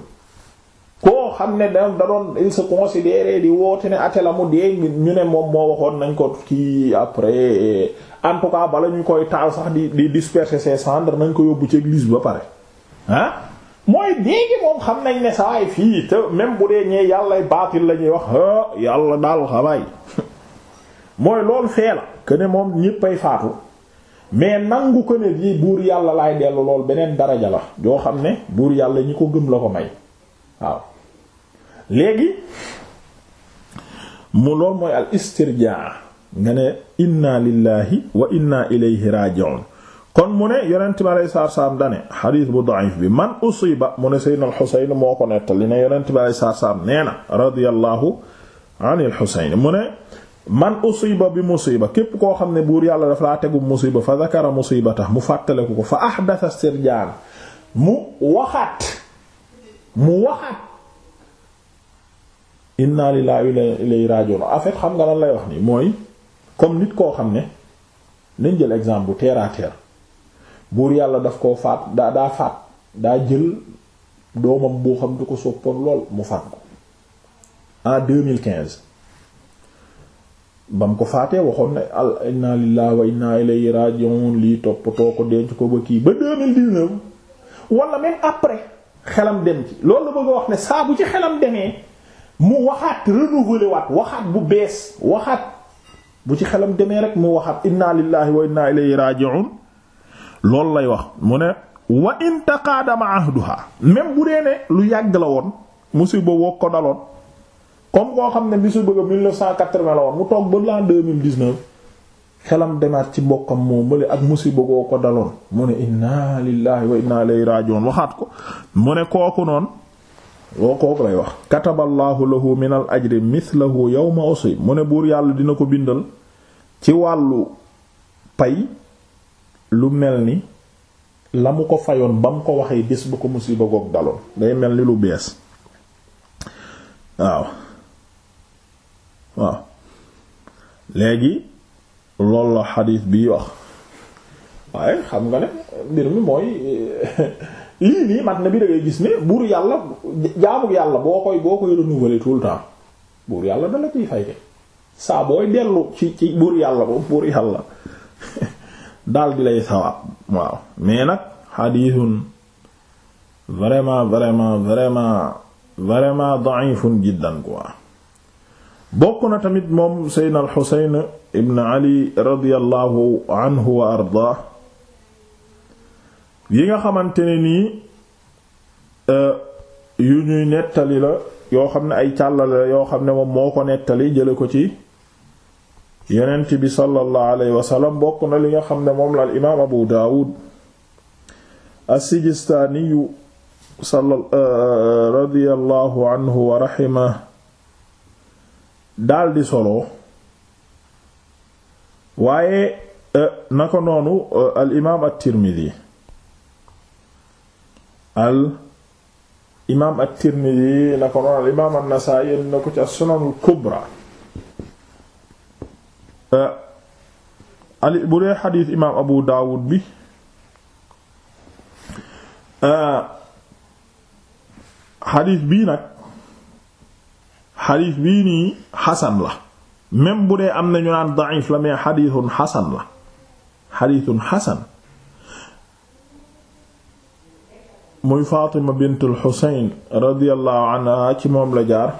koo xam ne da doon il sa considérait di woote ne ate la mu dee ñu ne moom moo waxoon nañ ko kii après en tout cas bala ñu koy taal sax di di disperser ses cendres nañ ko yóbbu ci église ba pare ah mooy déegi moom xam nañ ne sawaay fii te même bu dee ñee yàllay baatil la ñuy wax yàlla daal xawaay mooy loolu fee la que ne moom ñéppay faatu mais nangu ko yi buur yàlla laay dellu lool beneen daraja la yoo xam ne buur yàlla ñi ko gëm la ko may waaw léegi mu lool mooy al istirjaa nga ne inna lillahi wa inna ilayhi raji'un kon mu ne yonent bi alayhi salaatu salaam dane xadiis bu da'if bi man usiba mu ne seydna al xuseyn moo ko nettali ne yonent bi alayhi salaatu salaam nee na radiyallahu anil xuseyn mu ne man usiba bi musiba képp koo xam ne buur yàlla dafa laate laa tegu musiba fa zakara musibata mu fàttaleku ko fa ahdasa istirjaan mu waxaat inna lillahi wa inna ilayhi raji'un xam nga lan lay wax nii mooy comme nit koo xam ne nañ jël exemple bu terre à buur yàlla daf koo faat daa daa faat daa jël doomam boo xam du ko soppoon lool mu faat ko en 2015 ba ko faatee waxoon ne al inna lillahi wa inna ilayhi raji'un lii toppatoo ko denc ko ba kii ba 2019 wala même après xelam dem ci loolu la bëgg a wax ne saa ci xelam demee mu waxaat renouveler waat waxaat bu bees waxaat bu ci xelam demee rek mu waxaat inna lillahi wa inna ilayhi raji'un loolu lay wax mu ne wa in taqaadama ahduha même bu dee ne lu yàgg la woon musiba woo ko daloon comme koo xam ne bisu bëgg 1980 la woon mu toog ba l'an 2019 xelam demaat ci mbokkam moo male ak musiba goo ko daloon mu ne inna lillahi wa inna ilayhi raji'un waxaat ko mu ne kooku noonu woo kook lay wax kataballaahu lahu min al ajri mithlahu yawma usib mu ne buur yàlla dina ko bindal ci wàllu pay lu mel ni la mu ko fayoon ba mu ko waxee bés bu ko musiba goog daloon day mel ni lu bees waaw waaw léegi loolu la xadiis bi wax waaye xam nga ne mbir mi mooy yii nii mat na bi da ngay gis ne buur yàlla jaamu yàlla boo koy boo koy renouveler tout le buur yàlla dala ciy fayte saa booy dellu ci ci buur yàlla boobu buur yàlla daal di lay sawaab waaw nag xadiisun vraiment vraiment vraiment vraiment da'ifun jiddan quoi bokk na tamit moom seydna al xusayn ibn ali radiyallahu yi nga xamante ne nii euh, yu ñuy nettali la yoo xam ne ay càllale la yoo xam ne moom moo ko nettali jële ko ci yonent bi sallallahu alayhi wa bokk na li nga xam ne moom la al imaam abu daawud as-sijistaaniyu euh, euh, radiyallahu anhu wa raxima daldi solo waaye na ko noonu al imaam al imaam at-Tirmidhi na ko noonu al imaam an-Nasa'i na ko ci as-Sunanul Kubra eh, ali bu dee xadiis imaam Abu Dawud bi eh, xadiis bii nag xadiis bii nii xasan la même bu dee am na ñu naan da'if la mais xadiisun xasan la xadiisun xasan muy Fatima bint al-Husayn anha ci moom la jaar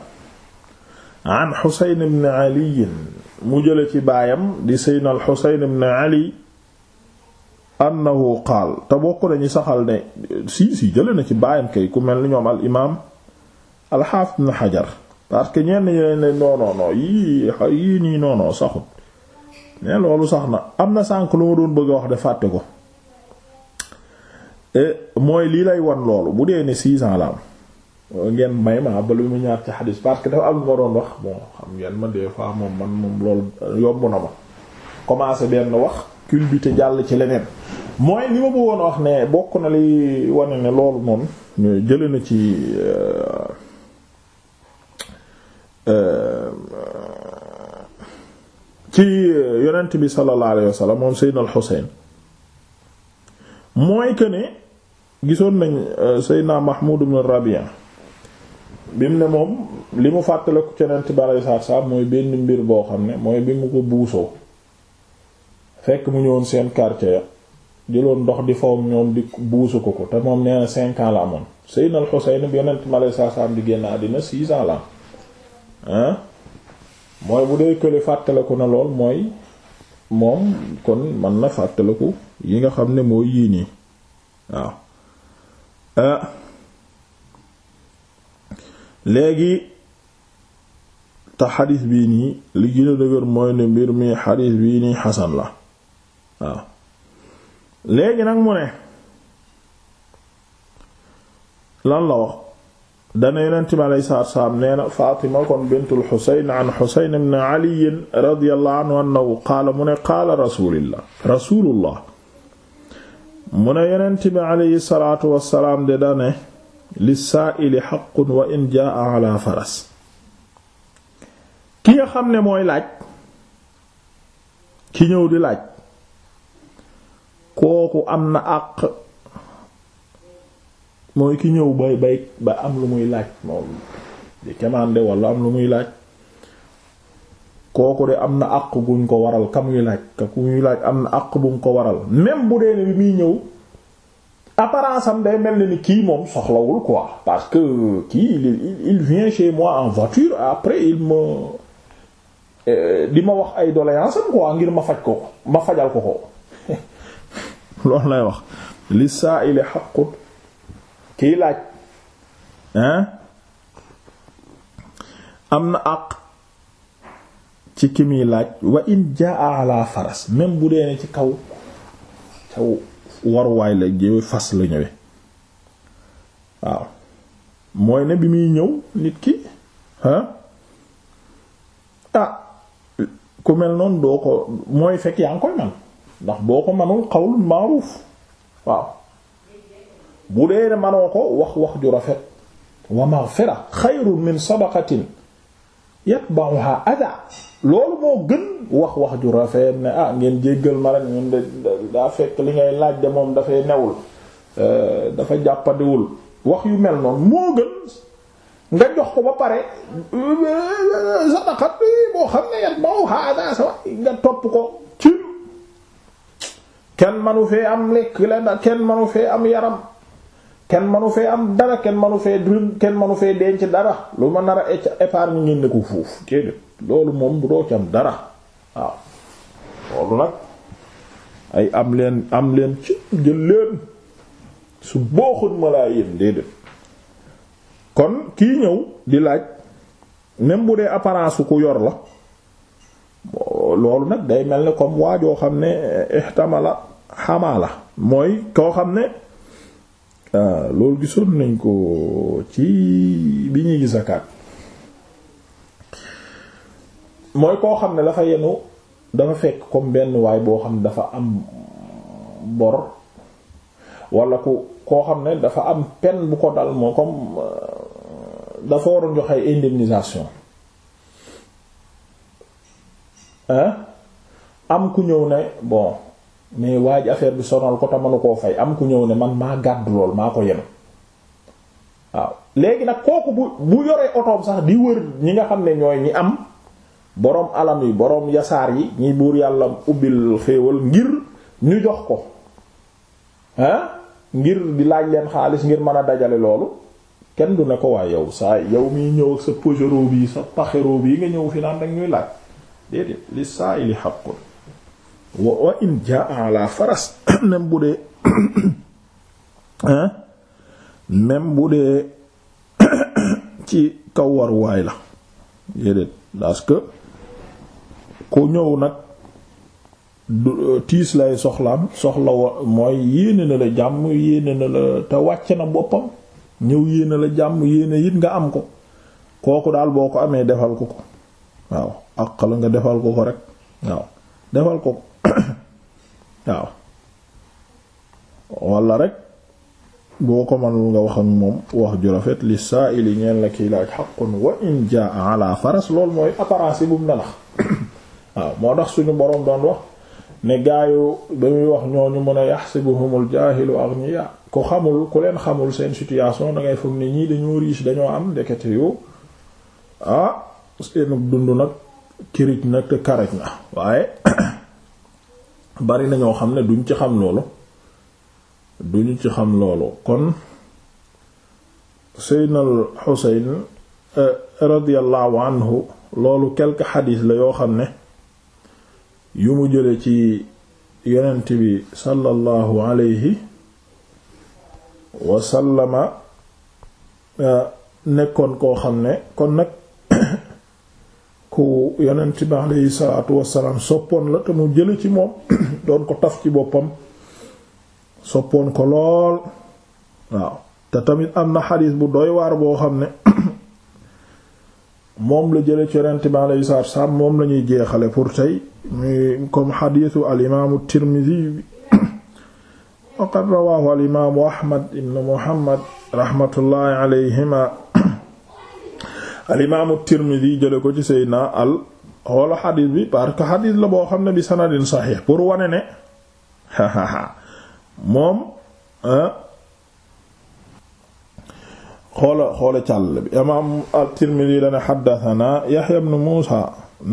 an Husayn ibn Ali mu jële ci baayam di Seydina al-Husayn ibn Ali annahu qaal te bokk nañu saxal ne si si jële na ci baayam kay ku mel ni ñoom al imaam al-Hafiz parce que ñenn ñi ne non yii yii nii non saxut mais loolu sax na am na sànk lu ma doon bëgg a wax de fàtte ko. Eh, mooy lii lay wan loolu bu dee ne six ans la am ngeen may ma ba lu mu ñaar ci xadis parce que dafa am lu ma doon wax bon xam ngeen ma des fois moom man moom loolu yomb na ma commencé benn wax culbuté jàll ci leneen mooy li ma bëggoon wax ne bokk na li wan ne loolu noonu ñu jële na ci euh, euh, euh, ci yonent bi sallallahu alayhi wa sallam moom Seydina al mooy que gisoon nañ euh, Seydina Mahmoud ibn Rabi'a bi mu ne moom li mu fàttale ko cenent balay saar-saar mooy benn mbir boo xam ne mooy bi ko buusoo fekk mu seen quartier ya ndox di fawam ñoom buusu ko ko te moom nee na cinq ans la amoon Seydina al-Husayn bi yonent malay saar di génn àddina six ans bu dee kële fàttaleku na lool mooy moom kon man na fàttaleku yi nga xam ne moo yii nii waaw Ah. léegi te xadis bii nii li gën a mooy ne mbir mi xadis bii nii xasan la waaw léegi nag mu ne lan la wax dana yonent bi aleyhi salaatu salaam nee na Faatima kon bintul an Xuseyn ibn Ali radiyallahu anhu annahu qaala mu ne qaala rasulillah rasulullah mu ne yonent bi aleyhi wassalaam de dane lissaa'ili xaqun wa in jaa'a ala faras ki nga xam ne mooy laaj ki ñëw di laaj kooku am na àq mooy ki ñëw bay bay ba am lu muy laaj moom di kemande walla am lu muy laaj kooku de am na àq guñ ko waral ka muy laaj ka ku muy laaj am na àq buñ ko waral même bu dee ne bi ñëw apparence am day mel ni kii moom soxlawul quoi parce que kii il, il vient chez moi en voiture après il me euh, di ma wax ay doléance am quoi ngir ma faj ko ma fajal ko ko loolu lay wax li saa ili xaqut kii laaj hein am na àq ci ki muy laaj wa in jaa ala faras même bu dee ne ci kaw kaw waruwaay la jëwe fas la waaw mooy ne bi muy ñëw nit ki ah ah ku mel noonu doo ko mooy fekk yaa ngi koy man ndax boo ko manul xawlun maaruuf waaw bu dee ne manoo ko wax wax ju rafet wa maghfira xayrun min sadaqatin yatba'uha adha loolu moo gën wax wax ju rafet ne ah ngeen jéggal ma rek ñun de daa fekk li ngay laaj de moom dafay newul euh, dafa jàppandiwul wax yu mel noonu moo gën nga jox ko ba pare euh, sadaqat boo xam ne yat moo hada sa nga topp ko ci kenn manu fee am lekk la kenn manu fee am yaram kenn manu fee am dara kenn manu fee dund kenn manu fee denc dara lu ma nar a épargne ngeen ne ko fuuf déedéet loolu moom bu doo ci dara waaw loolu nag ay am leen am leen ci jël leen su booxut ma laa yéen déedéet kon kii ñëw di laaj même bu dee apparence ku yor la loolu nag day mel ni comme joo xam ne eh, ihtamala xamaa la mooy koo xam ne ah loolu gisoon nañ ko ci bi ñuy gis zakat mooy koo xam ne dafa yenu dafa fekk comme benn waay boo xam ne dafa am bor wala ku koo xam ne dafa am peine bu ko dal moo comme euh, dafa waroon joxe indemnisation hein am ku ñëw ne bon mais waa ji affaire bi sonal ko te manu koo fay am ku ñëw ne man maa gàddu lool maa ko yenu waaw léegi nag kooku bu bu yoree otoom sax di wër ñi nga xam ne ñooy ñi am boroom alam yi boroom yasaar yi ñi buur yàlla ubbil xéewal ngir ñu jox ko ah ngir di laaj leen xaalis ngir mën a dajale loolu kenn du ne ko waa yow saa yow miy ñëw ak sa pojero bi sa paxero bi nga ñëw fi naan nag ñuy laaj déedéet li saa ili xaqul wa in jaa faras même bu dee même bu dee ci kaw waruwaay la déedéet parce que ku ñëw nag euh, tiis lay soxlaam soxla wa mooy yéene na la jàmm yéene na la te wàcc na boppam ñëw yéene la jàmm yéene it nga am ko kooku daal boo ko amee defal ko ko waaw àq la nga defal ko ko rek waaw defal ko ko waaw walla rek boo ko manul nga wax ak moom wax ju rafet li saa'ili ñeen la kiy laaj xaqun wa in jaa ala faras loolu mooy apparence yi bu mu la waaw moo tax suñu boroom doon wax ne gaayu ba muy wax ñooñu mën a yaxsibuhumul jaahilu aghniya ku xamul ku leen xamul seen situation dangay foog ni ñii dañoo riche dañoo am ndekete yu ah seen dund nag kirij nag te na waaye bari nañoo xam ne duñ ci xam loolu duñu ci xam loolu kon seydna al xuseyn eh, radiallahu anhu loolu quelques xadiis la yoo xam ne yu mu jële ci yonent bi sallallahu alayhi wasallama eh, nekkoon koo xam ne kon nag ku yonent bi aleyhi salaatu wassalaam soppoon la te mu jële ci moom doon ko taf ci boppam soppoon ko lool waaw te tamit am na xadiis bu doy waar boo xam ne moom la jële ci yonent bi aleyhi moom la ñuy jeexale pour tey mu comme xadiisu al imaamu tirmidi bi rawaahu al imaamu ahmad ibn muhammad rahmatullahi aleyhima al imaamu Tirmidi jële ko ci na al xoola xadiis bi parce que xadiis la boo xam ne bi sanadin saxiix pour wane ne moom xoola xoola càll bi imaam at-Tirmidhi dana xaddathana Yahya ibn Muusa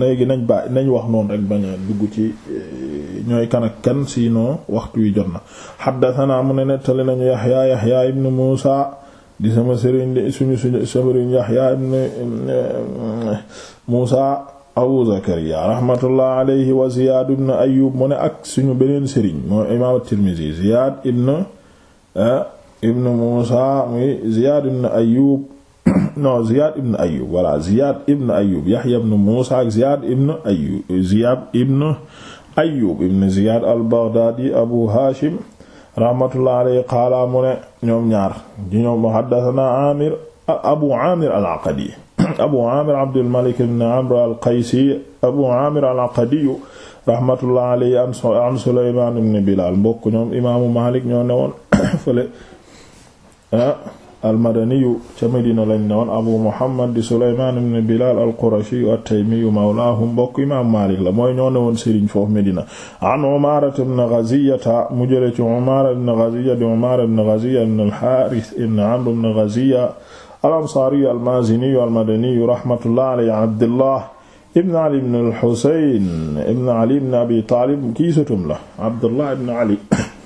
léegi nañ bàyyi nañ wax noonu rek ba a dugg ci eh, ñooy kan ak kan sinon waxtu wi jot na xaddathana mu ne nettali nañu Yahya Yahya ibn Muusa di sama sëriñ di suñu suñu sëriñ Yahya ibn Musa Abu Zakariya rahmatullah wa Ziyad ibn Ayyub mu ne ak suñu beneen sëriñ moo imaam Tirmizi Ziyad ibn ibn Musa muy ibn Ayyub non ibn Ayyub ak Ziyad ibn Ayyub Ziyad ibn Ayyub ibn Ziyad al-Baghdadi Abu Hashim rahmatullah alayhi qaala mu ne ñoom ñaar di ñoom abu amir al-aqadi abu amir abdulmalik ibn amr al-qaysi abu amir al-aqadi rahmatullah alayhi an sulayman ibn bilal mbokk ñoom imaamu malik ñoo newoon fële ah, almadaniyu ca Medina lañ newoon abu muhammad di suleymaan ibn bilaal alqurashiyu attaymiyu mawlaahu mbokk imaam maalik la mooy ñoo newoon sëriñ foofu Medina an umaara ibn gaziyata mu jële ci umaara ibn gaziya di umaara ibn gaziya ibn alxaaris ibn amr ibn gaziya alansaariyu almaaziniyu almadaniyu rahmatullah alayhi abdullah ibn ali ibn alxuseyn ibn ali ibn abi taalib kii sëtam la abdullah ibn ali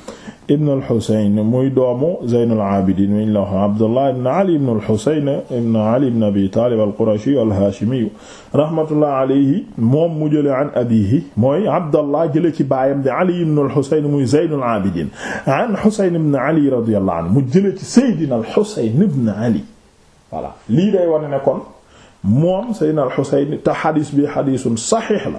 ibn al-Husayn muy doomu Zaynul Abidin miñ la wax Abdullah ibn Ali ibn al-Husayn ibn Ali ibn Abi Talib al-Qurashi al-Hashimi rahmatullah alayhi moom mu jële an abihi mooy Abdallah jële ci baayam di Ali ibn al-Husayn muy Zaynul Abidin an Husayn ibn Ali radiyallahu anhu mu jële ci Seydina al-Husayn ibn Ali voilà lii day wane ne kon moom Seydina al-Husayn te xadis bi xadisun saxiix la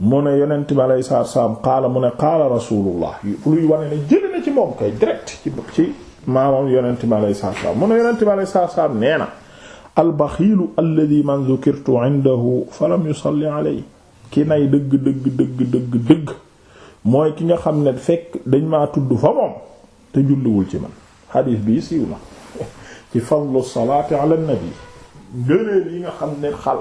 mu ne yonent bi alayhi salaatu salaam qaala mu ne qaala rasulullah luy wane ne jëlee na ci moom kay direct ci ci yonent bi alayhi salaam ne salaam nee na albaxiilu alladi man zukirtu indahu falam yusalli alayhi ki nay dëgg dëgg dëgg dëgg mooy ki nga xam ne fekk dañ maa tudd fa moom te julliwul ci man xadiis bi siiw na ci fadlu salaati ala nabi gëneel yi nga xam ne xal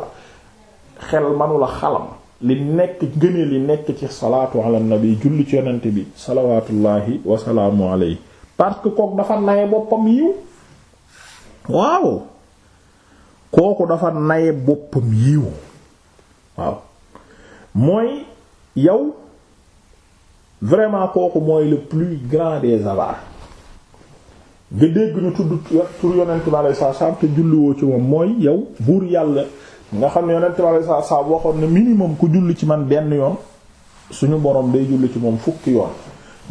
xel manula xalam li nekk gëne li nekk ci salaatu ala nabi julli ci yonente bi salawatullahi wasalaamu alayhi parce que kooku dafa naye boppam yiw waaw kooku dafa naye boppam yiw waaw mooy yow vraiment kooku mooy le plus grand des avares nga dégg ñu tudd tur yonente bi alayhi salaam te julliwoo ci moom mooy yow buur yàlla nga xam ne yonent bi saa saa waxoon na minimum ku julli ci man benn yoon suñu boroom day julli ci moom fukki yoon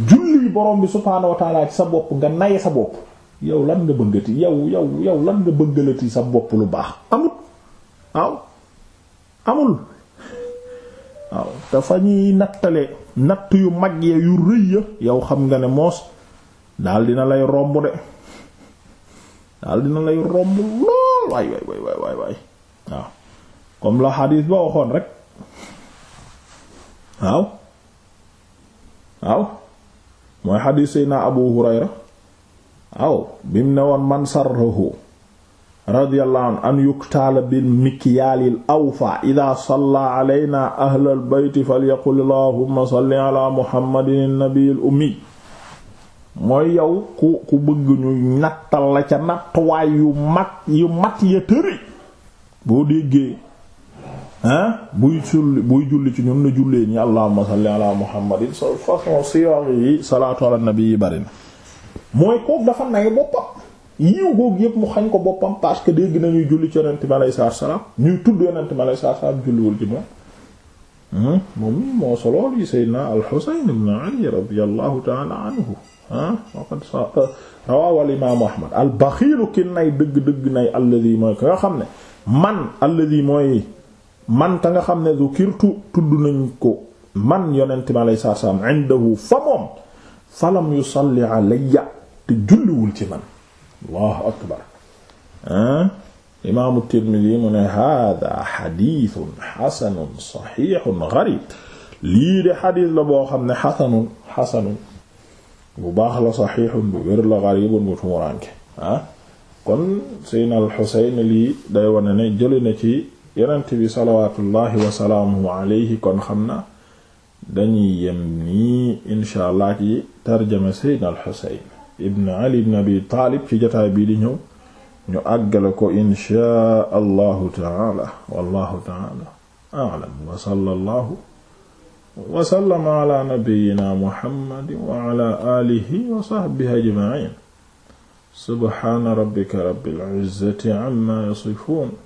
julli borom bi subhaanahu wa ci sa bopp nga naye sa bopp yow lan nga bëggati yow yow yow lan nga bëggalati sa bopp lu baax amul waaw amul waaw te fa ñuy nattale natt yu mag ya yu rëy ya yow xam nga ne moos daal dina lay romb de daal dina lay romb lool waay waay waay waay waay comme la xadiis ba waxoon rek waaw waaw mooy xadiis Seydina Abu Hurayra waaw bi mu ne woon man sarrahu radiyallahu anhu an yuktaala bil mikyaalil awfa idaa salla alaynaa ahlal bayti falyaqul allahumma salli ala muhammadin nabiyil ummi mooy yow ku ku bëgg ñu nattal la ca nattuwaay yu mag yu mat ya tëri boo déggee ah buy sulli buy julli ci ñun na jullee ñi allahumma salli ala muhammadin sa façon siwaar yi salaatu ala nabi yi bari mooy kook dafa nay boppam yiw googu yëpp mu xañ ko boppam parce que dégg nañuy julli ci yonent mi alayhi salaam ñuy tudd yonent mi alayhi salaam julliwul ci moom hmm? moom moo solo li sayyidina al-Husayn ibn Ali Ahmad al ki nay dëgg dëgg nay alladi mooy ko nga xam ne man alladi mooy man ka nga xam ne zukirtu tudd nañ ko man yonent mi alayhi salaam indahu fa moom falam yusalli alayya te julliwul ci man allahu akbar ah imaamu Tirmidi mu ne hada xadiisun xasanun saxiixun gariib lii de xadiis la boo xam ne xasanun xasanun bu baax la saxiixun bu wér la gariibun bu tumuraanke ah kon Seydina al Xuseyn lii day wane ne jëli na ci yonent bi salawaatullahi wasalaamuhu alayhi kon xam na dañuy yem nii incha allah ci tarjama al xuseyn ibn ali ibn abi taalib ci jotaay bii di ñëw ñu àggale ko inchaa allahu taala wallahu taala a'lam wa sallallahu wa sallama ala nabiyyina muhammadin wa ala alihi wa sahbihi ajma'in subhana rabbika rabbil izzati amma yasifun